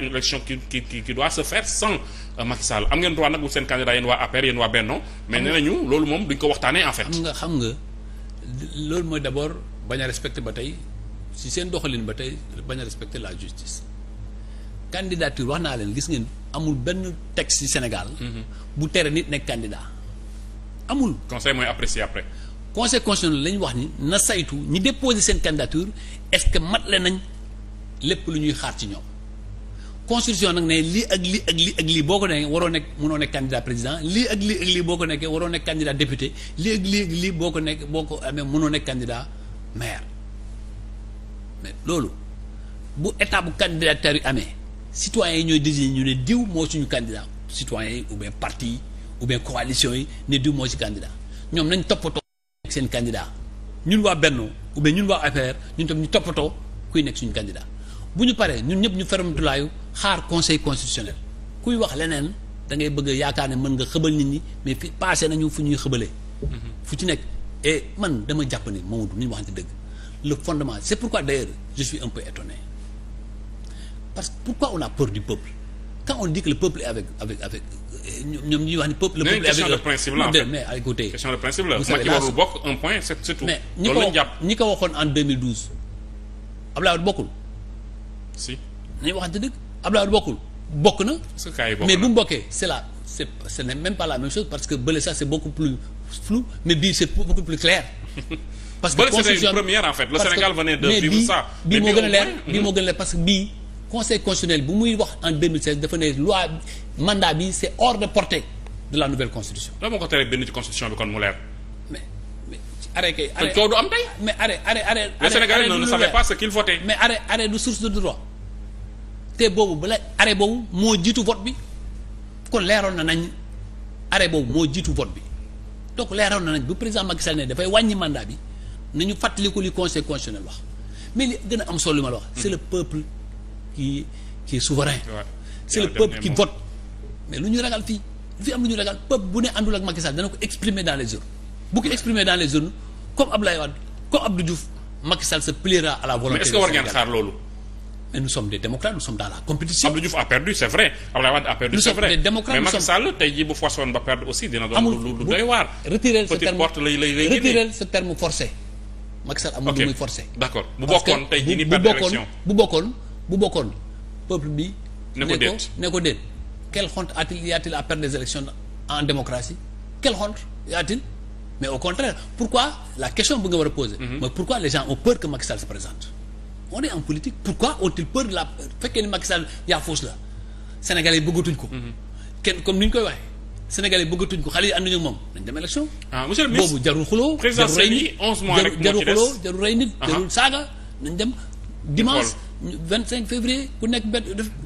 une élection qui qui qui doit se faire sans euh, Macky am ngeen droit nag bu seen candidat yéen waa APR yéen waa Benno mais nee nañu loolu moom duñ ko waxtaanee en fait. xam nga xam nga loolu mooy d' abord bañ a ba tey si seen doxalin ba tey bañ a respecter la justice. candidature wax naa leen gis ngeen amul benn texte ci Sénégal. Mm-hmm. bu tere nit nekk candidat amul. conseil mooy apprécier après. conseil constitutionnel lañ wax ni na saytu ñi déposer seen candidature est-ce que mat le nañ lépp lu ñuy xaar ci ñoom. constitution nag ne lii ak lii ak lii ak boo ko nekkee waroo nekk mënoo nekk candidat président lii ak lii lii boo ko nekkee waroo nekk candidat député lii ak lii boo ko nekk boo ko amee mënoo nekk candidat maire mais loolu bu état bu candidature yi amee citoyens yi ñooy désigné ñu ne diw moo suñu candidat citoyens yi ou bien parti yi ou bien coalition yi ne diw moo si candidat ñoom nañ toppatoo seen candidat ñun waa Benno ou ñun waa APR ñu tam ñu toppatoo kuy nekk suñu bu ñu paree ñun ñëpp ñu ferum tulaayu xaar conseil constitutionnel kuy wax leneen da ngay bëgg yaakaar ne mën nga xëbal nit ñi mais fi passé nañu fu ñuy xëbalee. Mm-hmm. fu ci nekk et man dama jàpp ni Mamadou ni ñu waxante dëgg le fondement c'est pourquoi d'ailleurs je suis un peu étonné parce que pourquoi on a peur du peuple quand on dit que le peuple est avec avec avec ñoom ñuy wax ni peuple. le peuple est avec la mais écoutez. question de bokk un point c'est mais ñi ko ñi ko waxoon en 2012 Abdoulaye Wade bokkul. si nañu waxante dëgg Abdoulaye Wade bokkul bokk na. mais bu mu bokkee c' est la c' est ce n' pas la même chose parce que bële ça c' est beaucoup plus flou mais bii c' est plus clair. parce que constitution première en fait le Sénégal venait de vivre ça. mais moo gën a leer moo gën a parce que bii conseil constitutionnel bu muy wax en 2016 dafa ne loi mandat bi c' est hors de la nouvelle constitution. lan moo ko teree bind ci constitution bi kon mu leer. arrêt kay. arrêt coow am tey. mais arrêt arrêt arrêt. les Sénégalais ne savaient pas ce qu'ils votaient. mais arrêt arrêt du source de droit te boobu bala arrêt boobu moo jiitu vote bi kon leeroon na nañ arrêt boobu moo jiitu vote bi donc leeroon na nañ bu président Macky Sall ne dafay wàññi mandat bi nañu fàttaliku li conseil constitutionnel wax mais li gën a am solo li ma wax. c'est le peuple ki qui est souverain. Ouais. c'est le peuple qui vote mais lu ñu ragal fii lu fi am lu ñu ragal peuple bu ne àndul ak Macky Sall dana ko exprimer dans les urnes. bu ko exprimer dans les zones comme Abdoulaye Wade comme Abdou Diouf Macky Sall se pliera à la volonté. mais est mais nous sommes des démocrates nous sommes a perdu c'est vrai Abdoulaye Wade a perdu. c'est vrai mais amul lu muy forcé. d'accord bu bokkoon ni perte élection bu bokkoon bu bokkoon peuple bi. ne ko déet ne ko déet. quelle honte a-t-il y a-t-il à perdre des élections en démocratie quelle honte y mais au contraire pourquoi la question bu nga war a poser. Mhm. mooy pourquoi les gens ont peur que Macky Sall se présente. est en politique pourquoi ont-ils peur la fekkee ni Macky Sall fausse la Sénégalais yi bëggatuñ ko. Mhm. kenn comme ni ñu koy waxee. Sénégalais bëggatuñ ko xale yi ànduñu ak moom nañ dem élection. ah monsieur le ministre boobu jarul xuloo. jarul rey nit 11 mois jarul saaga nañ dem dimanche. février ku nekk benn def.